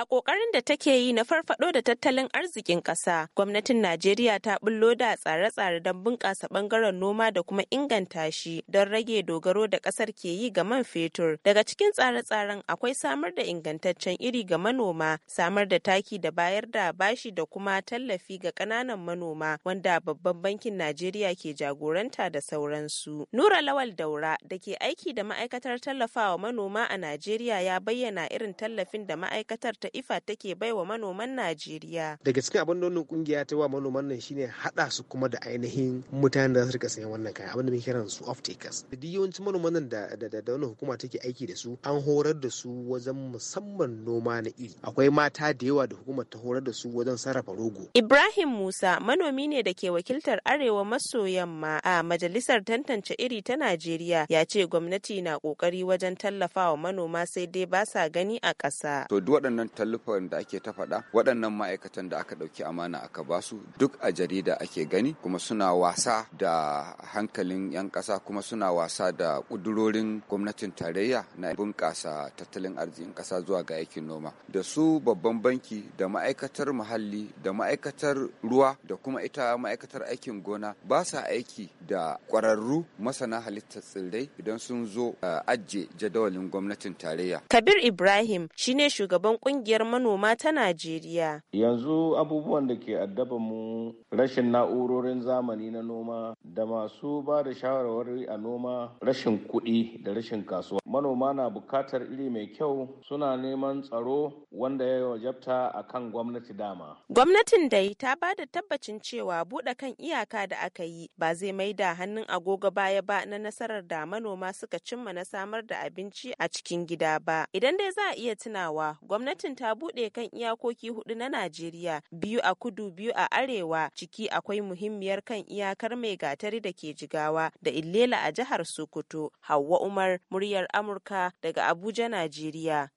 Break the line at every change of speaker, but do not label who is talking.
A ƙoƙarin da take yi na farfado da tattalin arzikin ƙasa, gwamnatin Najeriya ta bullo da tsare-tsare don bunƙasa ɓangaren noma da kuma inganta shi don rage dogaro da ƙasar ke yi ga man fetur. Daga cikin tsare-tsaren akwai samar da ingantaccen iri ga manoma, samar da taki da bayar da bashi da kuma tallafi ga ƙananan manoma wanda babban bankin Najeriya ke jagoranta da sauransu. Nura Lawal Daura da ke aiki da ma'aikatar tallafawa manoma a Najeriya ya bayyana irin tallafin da ma'aikatar ta ifa take baiwa manoman najeriya
daga cikin abin da wannan kungiya ta wa manoman nan shine hada su kuma da ainihin mutanen da za su rika sayan wannan kaya abin da muke kiran su off takers da yawancin manoman nan da da wannan hukuma take aiki da su an horar da su wajen musamman noma na iri akwai mata da yawa da hukumar ta horar da su wajen sarrafa rogo
ibrahim musa manomi ne da ke wakiltar arewa maso yamma a majalisar tantance iri ta najeriya ya ce gwamnati na kokari wajen tallafa wa manoma sai dai ba sa gani a ƙasa
to duk waɗannan tallufan da ake ta faɗa waɗannan ma'aikatan da aka ɗauki amana aka ba su duk a jarida ake gani kuma suna wasa da hankalin 'yan ƙasa kuma suna wasa da ƙudurorin gwamnatin tarayya na bunƙasa tattalin arzikin ƙasa zuwa ga aikin noma da su babban banki da ma'aikatar muhalli da ma'aikatar ruwa da kuma ita ma'aikatar aikin gona ba sa aiki da ƙwararru masana halittar tsirrai idan sun zo ajiye jadawalin gwamnatin tarayya
kabir ibrahim shine shugaban ƙungiyar ƙungiyar manoma ta Najeriya.
Yanzu abubuwan da ke addaba mu rashin na'urorin zamani na noma da masu ba da shawarwari a noma rashin kuɗi da rashin kasuwa. Manoma na buƙatar iri mai kyau suna neman tsaro wanda ya wajabta a kan gwamnati dama.
Gwamnatin dai ta ba da tabbacin cewa buɗe kan iyaka da aka yi ba zai mai da hannun agogo baya ba na nasarar da manoma suka cimma na samar da abinci a cikin gida ba. Idan dai za a iya tunawa gwamnatin ta buɗe kan iyakoki hudu na Najeriya, biyu a kudu biyu a arewa, ciki akwai muhimmiyar kan iyakar mai gatari da ke jigawa da Illela a jihar Sokoto. Hauwa Umar, muryar Amurka daga Abuja, Najeriya.